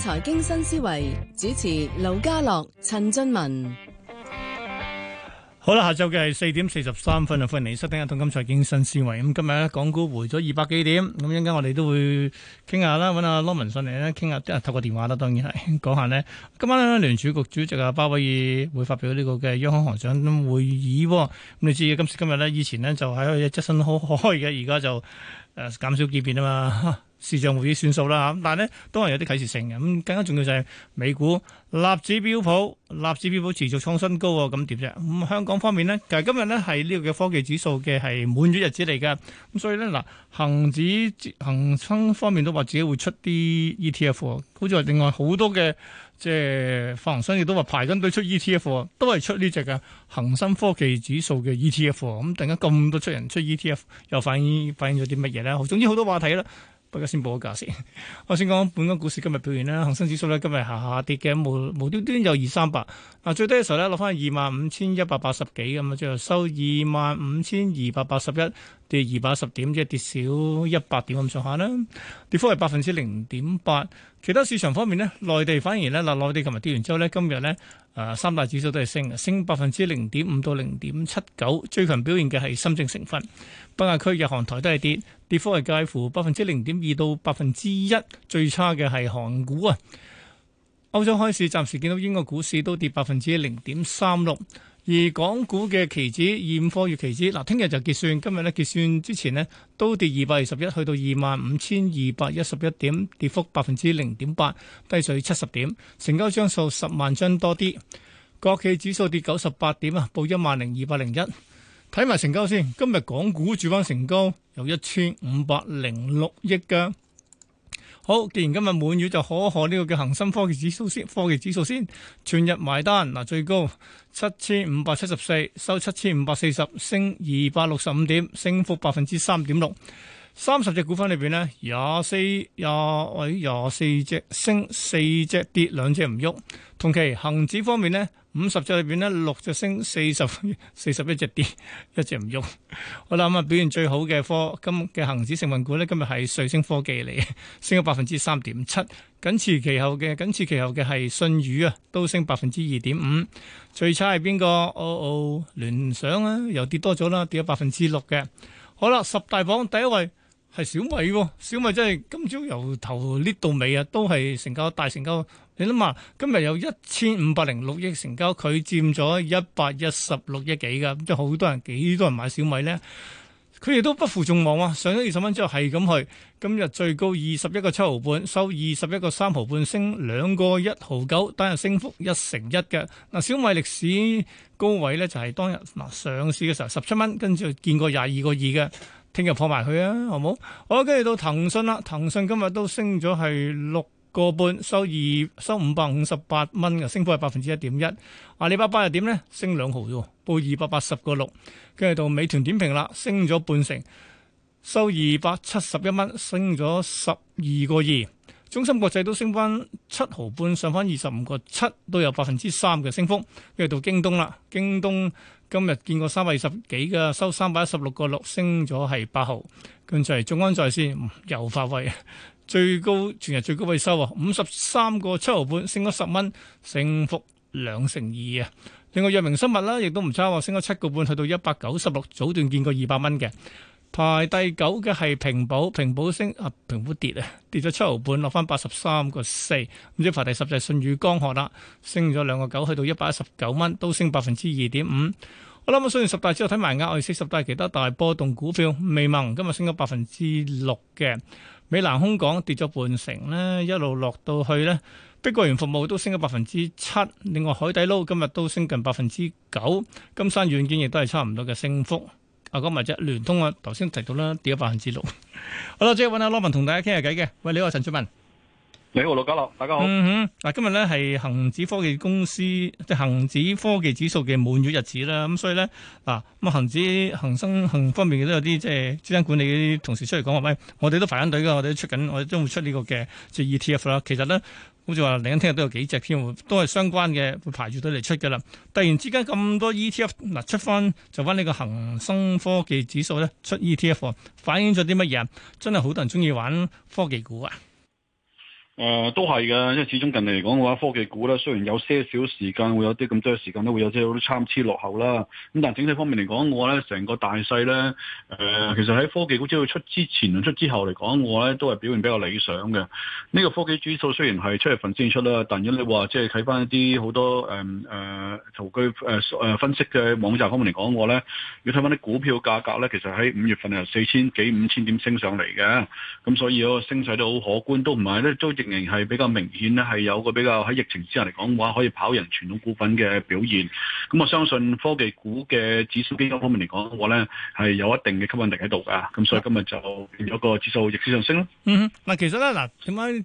財經新思維主持劉家樂、陳俊文，好啦，下晝嘅係四點四十三分啊，歡迎你收聽《通金財經新思維》。咁今日港股回咗二百幾點，咁一陣間我哋都會傾下啦，搵阿羅文信嚟咧，傾下，即透過電話啦。當然係講下呢。今晚咧聯儲局主席阿鮑威爾會發表呢個嘅央行行長會議。咁你知今時今日呢，以前呢就喺一執身好開嘅，而家就誒減少見面啊嘛。視像會議算數啦吓，但呢咧都係有啲啟示性嘅。咁更加重要就係美股納指標普納指標普持續創新高喎，咁點啫？咁、嗯、香港方面咧，其實今日咧係呢個嘅科技指數嘅係滿咗日子嚟㗎。咁所以咧嗱，恒指恒生方面都話自己會出啲 ETF，好似話另外好多嘅即係發行商亦都話排緊隊出 ETF，都係出呢隻嘅恒生科技指數嘅 ETF、嗯。咁突然間咁多出人出 ETF，又反映反映咗啲乜嘢咧？總之好多話題啦。不過而家先報個價先。我先講本港股市今日表現啦，恒生指數咧今日下下跌嘅，無無端端有二三百。嗱，最低嘅時候咧，落翻二萬五千一百八十幾咁啊，最後收二萬五千二百八十一。跌二百一十點，即係跌少一百點咁上下啦。跌幅係百分之零點八。其他市場方面呢，內地反而呢，嗱，內地琴日跌完之後呢，今日呢，誒、啊、三大指數都係升，升百分之零點五到零點七九。最強表現嘅係深證成分。北亞區日韓台都係跌，跌幅係介乎百分之零點二到百分之一。最差嘅係韓股啊。歐洲開市暫時見到英國股市都跌百分之零點三六。而港股嘅期指、現貨月期指，嗱，聽日就結算，今日咧結算之前咧都跌二百二十一，去到二萬五千二百一十一點，跌幅百分之零點八，低水七十點，成交張數十萬張多啲。國企指數跌九十八點啊，報一萬零二百零一。睇埋成交先，今日港股主板成交有一千五百零六億嘅。好，既然今日滿月就可可呢個叫恒生科技指數先，科技指數先全日埋單嗱，最高七千五百七十四，收七千五百四十，升二百六十五點，升幅百分之三點六。三十隻股份裏邊呢，廿四廿位廿四隻升，四隻跌，兩隻唔喐。同期恒指方面呢。五十隻裏邊呢，六隻升，四十、四十一隻跌，一隻唔喐。我諗啊，表現最好嘅科今嘅恒指成分股呢，今日係瑞星科技嚟，升咗百分之三點七。緊隨其後嘅，緊隨其後嘅係信宇啊，都升百分之二點五。最差係邊個？哦哦，聯想啊，又跌多咗啦，跌咗百分之六嘅。好啦，十大榜第一位係小米、哦，小米真係今朝由頭 l 到尾啊，都係成交大成交。你諗下，今日有一千五百零六億成交佔了億，佢佔咗一百一十六億幾噶，即係好多人，幾多,多人買小米呢？佢亦都不負眾望啊。上咗二十蚊之後係咁去。今日最高二十一個七毫半，收二十一個三毫半，升兩個一毫九，單日升幅一成一嘅。嗱，小米歷史高位呢，就係當日嗱上市嘅時候十七蚊，跟住見過廿二個二嘅，聽日破埋去啊，好唔好？好，跟住到騰訊啦，騰訊今日都升咗係六。個半，收二收五百五十八蚊，嘅升幅係百分之一點一，阿里巴巴又點呢？升兩毫啫，報二百八十個六。跟住到美團點評啦，升咗半成，收二百七十一蚊，升咗十二個二。中芯國際都升翻七毫半，上翻二十五個七，都有百分之三嘅升幅。跟住到京東啦，京東今日見過三百二十幾㗎，收三百一十六個六，升咗係八毫。跟住嚟眾安在線又發威。最高全日最高位收啊，五十三個七毫半，升咗十蚊，升幅兩成二啊！另外藥明生物啦，亦都唔差啊，升咗七個半，去到一百九十六，早段見過二百蚊嘅。排第九嘅係平保，平保升啊，平保跌啊，跌咗七毫半，落翻八十三個四。唔知排第十就係舜宇光學啦，升咗兩個九，去到一百一十九蚊，都升百分之二點五。好啦，咁算完十大之後睇埋額外息十大其他大波動股票，微盟今日升咗百分之六嘅。美蘭空港跌咗半成咧，一路落到去咧，碧桂園服務都升咗百分之七，另外海底撈今日都升近百分之九，金山軟件亦都係差唔多嘅升幅。啊，講埋啫，聯通啊，頭先提到啦，跌咗百分之六。好啦，即係揾阿羅文同大家傾下偈嘅。喂，你好，陳俊文。你好，羅家樂，大家好。嗯哼，嗱，今日咧係恒指科技公司即係恒指科技指數嘅滿月日子啦，咁所以咧嗱，咁、啊、恒指恒生恒方面都有啲即係資產管理啲同事出嚟講話，喂，我哋都排緊隊噶，我哋都出緊，我哋將會出呢、這個嘅即、就、係、是、E T F 啦。其實咧，好似話，嚟緊聽日都有幾隻添，都係相關嘅會排住隊嚟出噶啦。突然之間咁多 E T F 嗱出翻就翻呢個恒生科技指數咧出 E T F，反映咗啲乜嘢？真係好多人中意玩科技股啊！誒、呃、都係嘅，因為始終近嚟嚟講嘅話，科技股咧雖然有些少時間會有啲咁多時間都會有些好多參差落後啦。咁但整體方面嚟講，我咧成個大勢咧，誒、呃、其實喺科技股只要出之前同出之後嚟講，我咧都係表現比較理想嘅。呢、呢個科技指數雖然係七月份先出啦，但如果你話即係睇翻一啲好多誒誒圖據分析嘅網站方面嚟講，我咧要睇翻啲股票價格咧，其實喺五月份係四千幾五千點升上嚟嘅，咁所以個升勢都好可觀，都唔係咧都係比較明顯咧，係有個比較喺疫情之下嚟講嘅話，可以跑贏傳統股份嘅表現。咁我相信科技股嘅指數基金方面嚟講嘅話咧，係有一定嘅吸引力喺度噶。咁所以今日就有一個指數逆市上升咯。嗯，嗱，其實咧，嗱，點解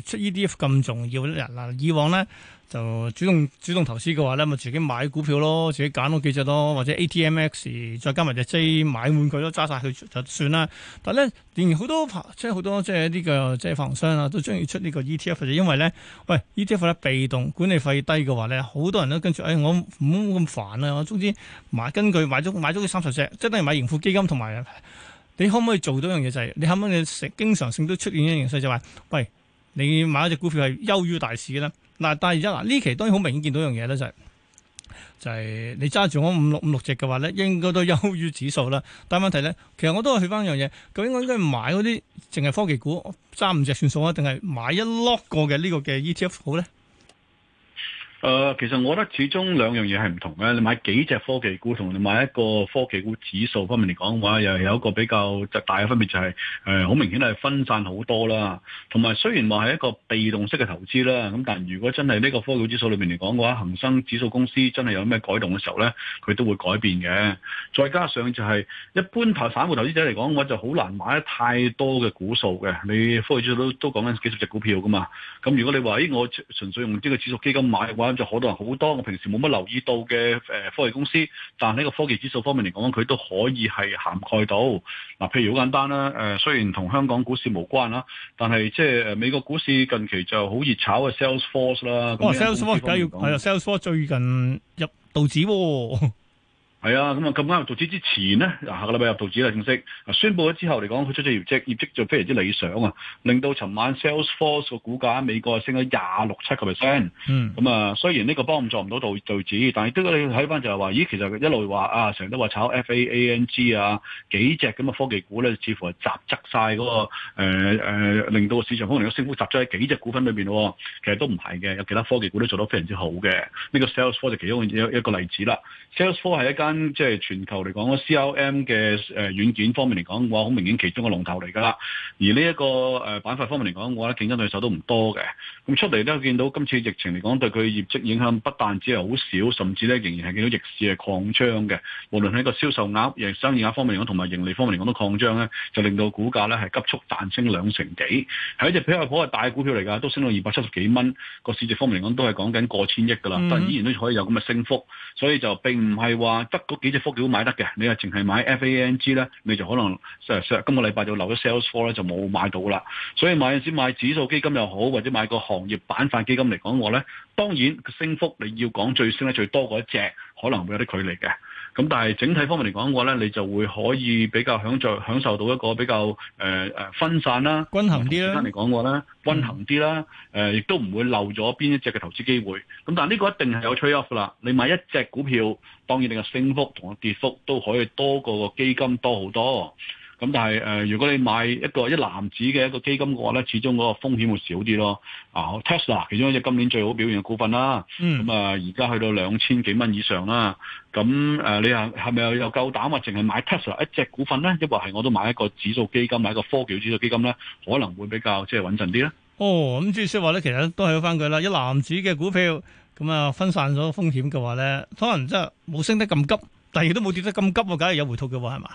即係 ETF 咁重要呢？以往咧。就主動主動投資嘅話咧，咪自己買股票咯，自己揀多幾隻咯，或者 A T M X 再加埋隻 J 買滿佢，都揸晒佢就算啦。但係咧，仍然好多即係好多即係一啲嘅即係發行商啊，都中意出呢個 E T F，就因為咧，喂 E T F 咧，ETF、被動管理費低嘅話咧，好多人都跟住誒、哎，我唔好咁煩啊，我總之買根據買咗買咗三十隻，即係等於買盈富基金。同埋你可唔可以做到一樣嘢？就係你後唔嘅成經常性都出現一樣嘢，就係、是、喂，你買一隻股票係優於大市嘅啦。嗱，第而家，嗱，呢期當然好明顯見到一樣嘢咧，就係、是、就係、是、你揸住我五六五六隻嘅話咧，應該都優於指數啦。但問題咧，其實我都係去翻一樣嘢，究竟我應該買嗰啲淨係科技股揸五隻算數啊，定係買一 lock 個嘅呢個嘅 ETF 好咧？誒、呃，其實我覺得始終兩樣嘢係唔同嘅。你買幾隻科技股，同你買一個科技股指數方面嚟講嘅話，又有一個比較大嘅分別就係、是，誒、呃，好明顯係分散好多啦。同埋雖然話係一個被動式嘅投資啦，咁但如果真係呢個科技股指數裏面嚟講嘅話，恒生指數公司真係有咩改動嘅時候呢，佢都會改變嘅。再加上就係一般投散戶投資者嚟講，我就好難買得太多嘅股數嘅。你科技指數都都講緊幾十隻股票噶嘛？咁如果你話，咦，我純粹用呢個指數基金買嘅話，咁就好多人好多我平時冇乜留意到嘅誒科技公司，但呢個科技指數方面嚟講，佢都可以係涵蓋到。嗱，譬如好簡單啦，誒雖然同香港股市無關啦，但係即係美國股市近期就好熱炒嘅 Salesforce 啦、啊。哇、啊、Salesforce 而家要係啊，Salesforce 最近入道指喎、啊。係啊，咁啊，今晚入道指之前咧，嗱，下個禮拜入道指啦，正式啊宣布咗之後嚟講，佢出咗業績，業績就非常之理想啊，令到尋晚 Salesforce 個股價喺美國升咗廿六七個 percent。嗯。咁啊，雖然呢個幫唔助唔到道道指，但係都你睇翻就係話，咦，其實一路話啊，成日都話炒 FAANG 啊，幾隻咁嘅科技股咧，似乎係集積晒嗰個誒、呃呃、令到個市場可能個升幅集積喺幾隻股份裏邊咯。其實都唔係嘅，有其他科技股都做得非常之好嘅。呢、呢個 Salesforce 就其中一一個例子啦。Salesforce 係一間。即係全球嚟講，CRM 嘅誒軟件方面嚟講嘅話，好明顯其中嘅龍頭嚟㗎啦。而呢一個誒板塊方面嚟講，我覺得競爭對手都唔多嘅。咁出嚟都見到今次疫情嚟講，對佢業績影響不但只係好少，甚至咧仍然係見到逆市嘅擴張嘅。無論喺個銷售額、營生意額方面嚟講，同埋盈利方面嚟講都擴張咧，就令到股價咧係急速彈升兩成幾。係一隻比較嚟講係大股票嚟㗎，都升到二百七十幾蚊。個市值方面嚟講都係講緊過千億㗎啦、嗯，但依然都可以有咁嘅升幅，所以就並唔係話。嗰幾隻幅都買得嘅，你又淨係買 FANG 咧，你就可能今個禮拜就留咗 sales four 咧，就冇買到啦。所以買先買指數基金又好，或者買個行業板塊基金嚟講，我咧當然升幅你要講最升得最多嗰一隻，可能會有啲距離嘅。咁但係整體方面嚟講嘅話咧，你就會可以比較享受享受到一個比較誒、呃、分散啦、均衡啲啦。嚟講嘅話均衡啲啦，誒、嗯、亦、呃、都唔會漏咗邊一隻嘅投資機會。咁但係呢個一定係有 trade off 啦。你買一隻股票，當然你嘅升幅同跌幅都可以多過個基金多好多。咁但係誒、呃，如果你買一個一籃子嘅一個基金嘅話咧，始終嗰個風險會少啲咯。啊，Tesla 其中一隻今年最好表現嘅股份啦，咁、嗯、啊而家去到兩千幾蚊以上啦。咁、啊、誒，你係咪又又夠膽話淨係買 Tesla 一隻股份咧？抑或係我都買一個指數基金，買一個科技指數基金咧，可能會比較即係穩陣啲咧。哦，咁即係說話咧，其實都係翻佢啦。一籃子嘅股票咁啊分散咗風險嘅話咧，可能真係冇升得咁急，但亦都冇跌得咁急啊。梗係有回吐嘅話係嘛？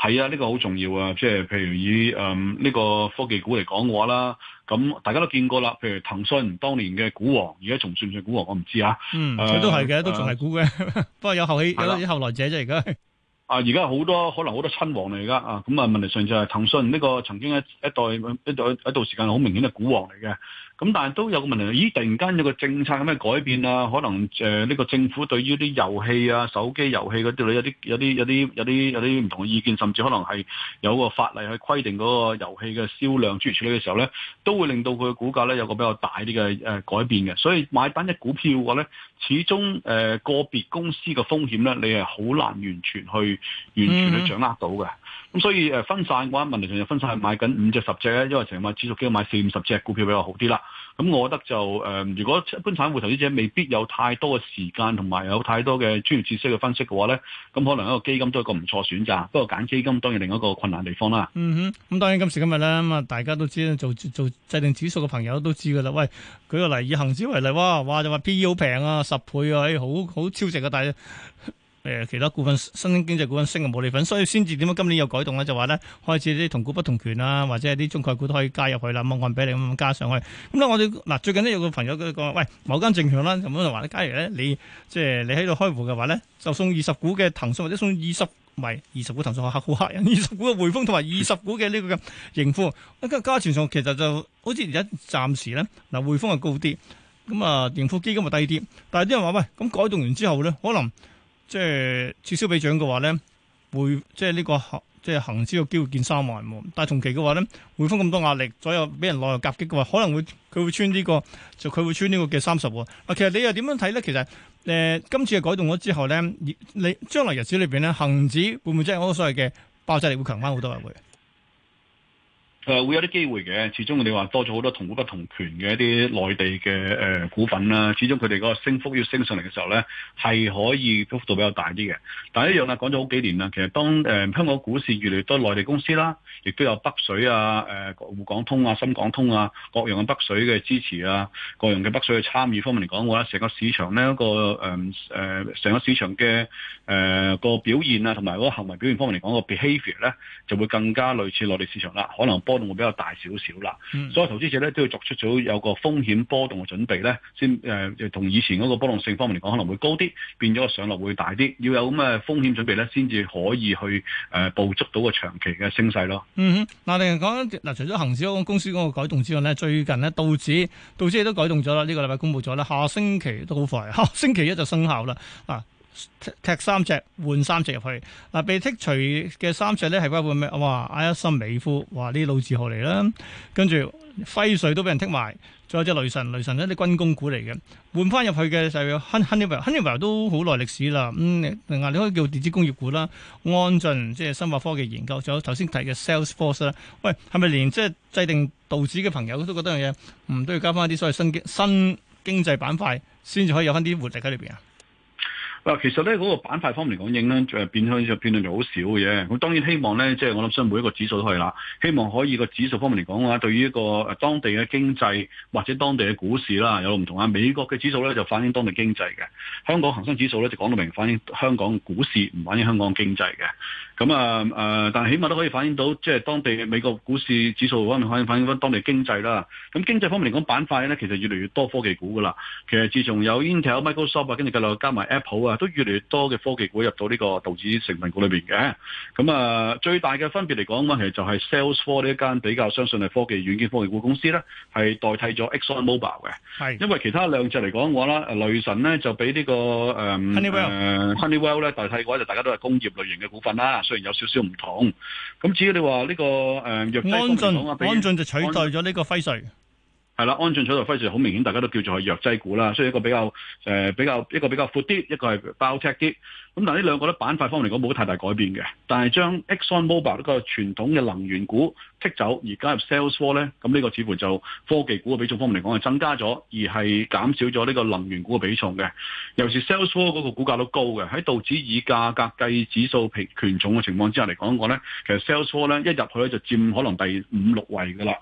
係啊，呢、呢個好重要啊！即係譬如以誒呢個科技股嚟講嘅話啦，咁大家都見過啦。譬如騰訊當年嘅股王，而家仲算唔算股王？我唔知啊。嗯，都係嘅，都仲係股嘅，不、啊、過 有後起有啲後來者啫。而家啊，而家好多可能好多親王嚟㗎。啊，咁啊問題上就係騰訊呢個曾經一代一代一代一段時間好明顯嘅股王嚟嘅。咁但係都有個問題，咦？突然間有個政策咁嘅改變啊？可能誒呢，呃這個政府對於啲遊戲啊、手機遊戲嗰啲咧，有啲有啲有啲有啲有啲唔同嘅意見，甚至可能係有個法例去規定嗰個遊戲嘅銷量專業處理嘅時候咧，都會令到佢嘅股價咧有個比較大啲嘅誒改變嘅。所以買單一股票嘅話咧，始終誒，呃、個別公司嘅風險咧，你係好難完全去完全去掌握到嘅。嗯咁、嗯、所以分散嘅話，問題上就分散係買緊五隻十隻咧，因為成日買指數基金買四五十隻股票比較好啲啦。咁、嗯、我覺得就、呃、如果一般散戶投資者未必有太多嘅時間同埋有太多嘅專業知識嘅分析嘅話咧，咁、嗯、可能一個基金都係一個唔錯選擇。不過揀基金當然另一個困難地方啦。嗯哼，咁、嗯、當然今時今日咧，咁啊大家都知，做做制定指數嘅朋友都知嘅啦。喂，舉個例，以恒指為例，哇，話就話 PE 好平啊，十倍啊，好、哎、好超值啊，但係。誒，其他股份、新經濟股份升嘅冇你份，所以先至點解今年有改動咧？就話咧開始啲同股不同權啦、啊，或者係啲中概股都可以加入去啦，按比例咁加上去。咁咧，我哋嗱最近咧有個朋友佢講喂某間證券啦，咁樣就話咧，假如咧你即係、就是、你喺度開戶嘅話咧，就送二十股嘅騰訊或者送二十唔係二十股騰訊，客好吸人二十股嘅匯豐同埋二十股嘅呢個嘅盈富。咁價錢上其實就好似而家暫時咧嗱、呃，匯豐係高啲，咁啊盈富基金係低啲，但係啲人話喂咁改動完之後咧，可能。即係取消俾獎嘅話咧，會即係、這、呢個即係恆指嘅機會見三萬。但係同期嘅話咧，匯豐咁多壓力，左右俾人內外夾擊嘅話，可能會佢會穿呢、這個，就佢會穿呢個嘅三十喎。其實你又點樣睇咧？其實、呃、今次嘅改動咗之後咧，你將來日子裏面咧，恆指會唔會即係嗰個所謂嘅爆炸力會強翻好多啊？會？誒會有啲機會嘅，始終你話多咗好多同股不同權嘅一啲內地嘅誒股份啦，始終佢哋嗰個升幅要升上嚟嘅時候咧，係可以幅度比較大啲嘅。但係一樣啦，講咗好幾年啦，其實當誒、呃、香港股市越嚟越多內地公司啦，亦都有北水啊、誒、呃、滬港通啊、深港通啊，各樣嘅北水嘅支持啊，各樣嘅北水嘅參與方面嚟講，嘅話成個市場咧一個誒成、呃、個市場嘅誒、呃、個表現啊，同埋嗰個行為表現方面嚟講個 behaviour 咧，就會更加類似內地市場啦，可能波會比較大少少啦，所以投資者咧都要作出咗有個風險波動嘅準備咧，先誒，同、呃、以前嗰個波動性方面嚟講，可能會高啲，變咗上落會大啲，要有咁嘅風險準備咧，先至可以去誒、呃、捕捉到個長期嘅升勢咯。嗯哼，嗱，另外講嗱，除咗恒指公司嗰個改動之外咧，最近咧，道指、道指亦都改動咗啦，呢、這個禮拜公布咗啦，下星期都好快，下星期一就生效啦啊！踢三隻換三隻入去嗱，被剔除嘅三隻咧係包括咩？哇！阿一森美夫，哇，啲老字號嚟啦，跟住輝瑞都俾人剔埋，仲有隻雷神，雷神呢，啲軍工股嚟嘅，換翻入去嘅就 h 亨 n 利伯，亨利 l 都好耐歷史啦。另、嗯、外，你可以叫電子工業股啦，安進即係生物科技研究，仲有頭先提嘅 Salesforce 啦。喂，係咪連即係制定道指嘅朋友都覺得樣嘢？唔都要加翻一啲所謂新，新經新經濟板塊，先至可以有翻啲活力喺裏邊啊？其實咧嗰個板塊方面嚟講，應咧誒變相變量就好少嘅嘢。咁當然希望咧，即係我諗，相每一個指數都係啦。希望可以個指數方面嚟講嘅話，對於一個當地嘅經濟或者當地嘅股市啦，有唔同啊。美國嘅指數咧就反映當地經濟嘅，香港恒生指數咧就講到明反映香港股市，唔反映香港經濟嘅。咁啊誒，但係起碼都可以反映到，即係當地美國股市指數方面反映反映翻當地經濟啦。咁經濟方面嚟講，板塊咧其實越嚟越多科技股噶啦。其實自從有 Intel、Microsoft 跟住繼續加埋 Apple 啊。都越嚟越多嘅科技股入到呢個道指成分股裏邊嘅，咁、嗯、啊最大嘅分別嚟講，我係就係、是、Salesforce 呢間比較相信係科技軟件科技股公司咧，係代替咗 ExxonMobil 嘅，係因為其他兩隻嚟講嘅話啦，雷、呃、神咧就俾、這個呃呃、呢個誒誒 Honeywell 咧代替嘅話，就大家都係工業類型嘅股份啦，雖然有少少唔同，咁至於你話呢、這個誒、呃、安安進就取代咗呢個輝瑞。係啦，安進取代輝瑞好明顯，大家都叫做係藥劑股啦，所以一個比較誒、呃、比較一個比較闊啲，一個係 biotech 啲。咁但係呢兩個咧，板塊方面嚟講冇太大改變嘅。但係將 Exxon Mobil 呢個傳統嘅能源股剔走而加入 Salesforce 咧，咁呢個似乎就科技股嘅比重方面嚟講係增加咗，而係減少咗呢個能源股嘅比重嘅。尤其是 Salesforce 嗰個股價都高嘅，喺道指以價格,格計指數權重嘅情況之下嚟講講咧，其實 Salesforce 咧一入去咧就佔可能第五六位噶啦。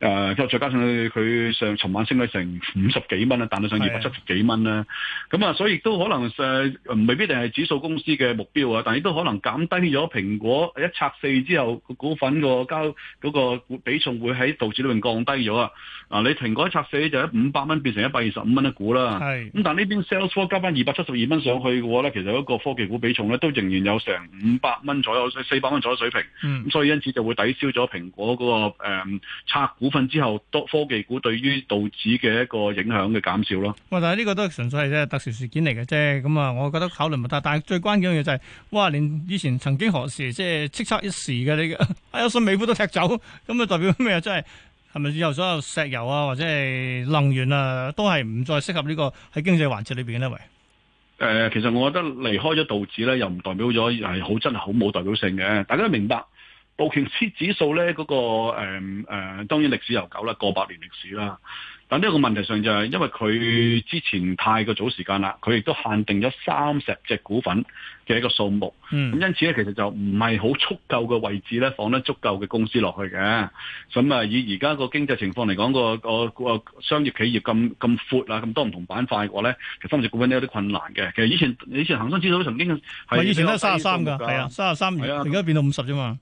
誒、呃，之後再加上佢，佢上尋晚升咗成五十幾蚊啦，彈到上二百七十幾蚊啦。咁啊、嗯，所以亦都可能唔、呃、未必定係指數公司嘅目標啊，但亦都可能減低咗蘋果一拆四之後股份、嗰個交嗰比重會喺道指裏邊降低咗啊。你蘋果一拆四就一五百蚊變成一百二十五蚊一股啦。咁但呢邊 Salesforce 加翻二百七十二蚊上去嘅話咧，其實有一個科技股比重咧都仍然有成五百蚊左右、四百蚊左右水平。咁、嗯、所以因此就會抵消咗蘋果嗰、嗰個、呃、拆股。份之後，多科技股對於道指嘅一個影響嘅減少咯。哇！但係呢個都係純粹係即係特殊事件嚟嘅啫。咁啊，我覺得考慮唔大。但係最關鍵嘅嘢就係、是，哇！連以前曾經何時即係叱咤一時嘅呢個埃克森美孚都踢走，咁啊代表咩啊？真係係咪以後所有石油啊或者係能源啊都係唔再適合這個在呢個喺經濟環節裏邊呢？喂。誒，其實我覺得離開咗道指咧，又唔代表咗係好真係好冇代表性嘅。大家都明白。道瓊斯指數咧嗰，那個誒誒，嗯嗯，當然歷史悠久啦，過百年歷史啦。但呢個個問題上就係，因為佢之前太過早時間啦，佢亦都限定咗三十隻股份嘅一個數目。咁，嗯，因此咧，其實就唔係好足夠嘅位置咧，放得足夠嘅公司落去嘅。咁啊，以而家個經濟情況嚟講，個個個商業企業咁咁闊啊，咁多唔同板塊嘅話咧，其實三十隻股份都有啲困難嘅。其實以前以前恆生指數都曾經係以前都係三十三㗎，係啊，三十三年，啊，而家變到五十啫嘛。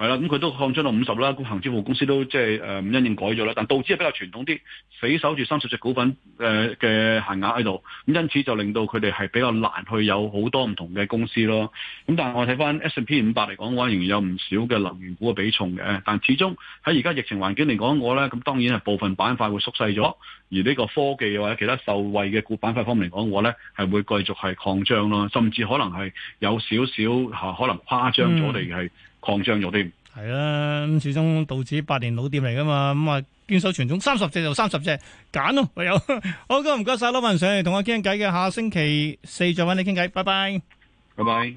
係啦，咁佢都擴張到五十啦，個恆指數公司都即係唔因應改咗啦。但道指係比較傳統啲，死守住三十隻股份嘅限額喺度，咁因此就令到佢哋係比較難去有好多唔同嘅公司咯。咁但係我睇翻 S 和 P 五百嚟講嘅話，我仍然有唔少嘅能源股嘅比重嘅。但始終喺而家疫情環境嚟講，我咧咁當然係部分板塊會縮細咗，而呢個科技或者其他受惠嘅股板塊方面嚟講，我咧係會繼續係擴張咯，甚至可能係有少少嚇可能誇張咗擴張咗啲，係啦，始終道指百年老店嚟㗎嘛。咁啊堅守傳統，三十隻就三十隻揀咯，唯有。好，咁唔該晒，老闆上嚟同我傾偈嘅，下星期四再揾你傾偈，拜拜，拜拜。